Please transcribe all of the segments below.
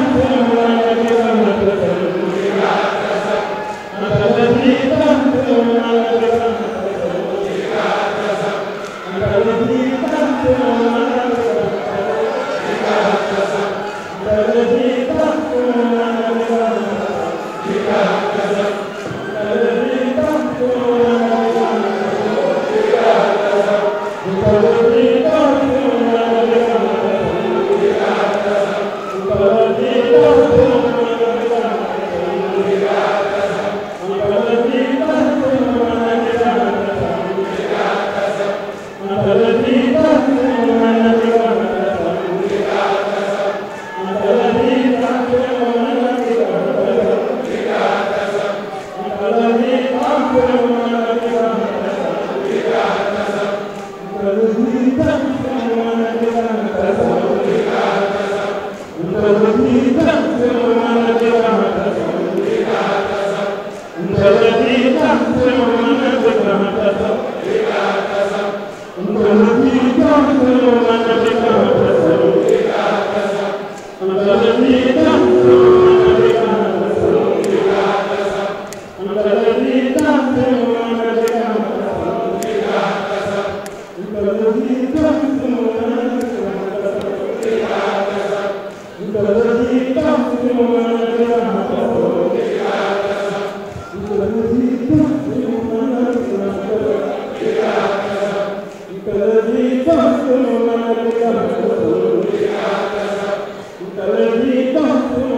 Thank you. الذي تحكم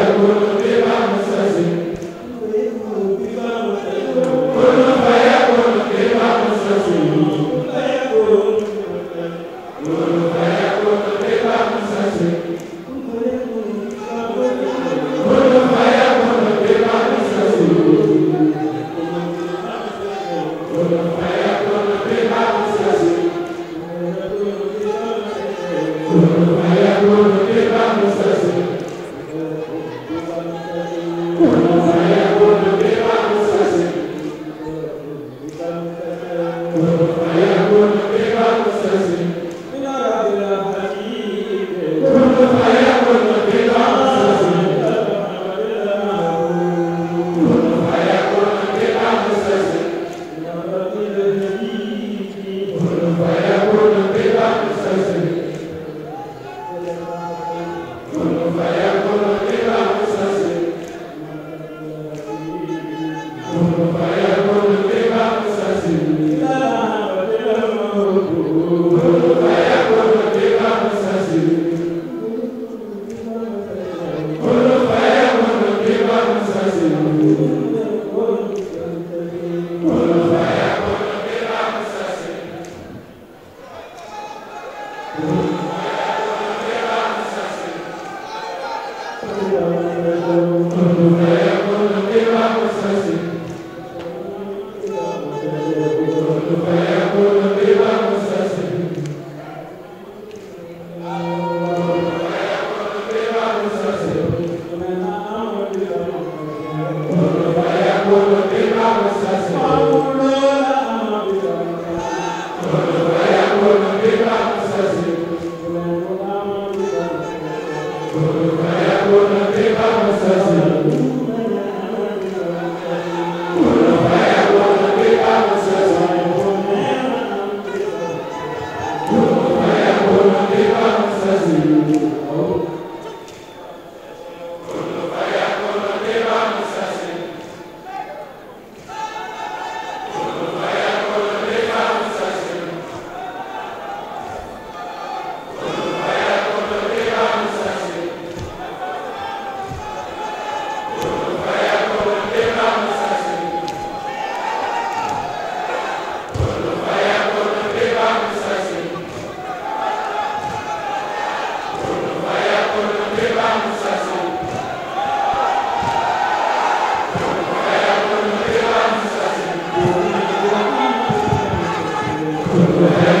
Amen.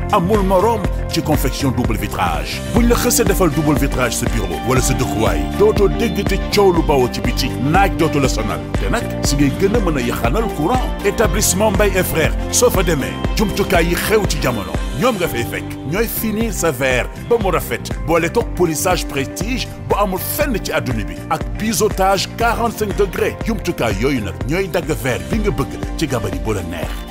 amul morom ci confection double vitrage ñu la xësee defal double vitrage sa bureau wala sa dëkkuwaay dootoo dégg te coow lu bawoo ci ci naaj dootu la sonal te nag si gën a mën a yaxanal courant établissement Mbaye et frères soo fa demee jumtukaay yi xew ci jamono ñoom nga fay fekk ñooy finir sa verre ba mu rafet boole toog polissage prestige bu amul fenn ci adduna bi ak biseautage 45 degrés jumtukaay yooyu nag ñooy dagg verre bi nga bëgg ci gabari bu la neex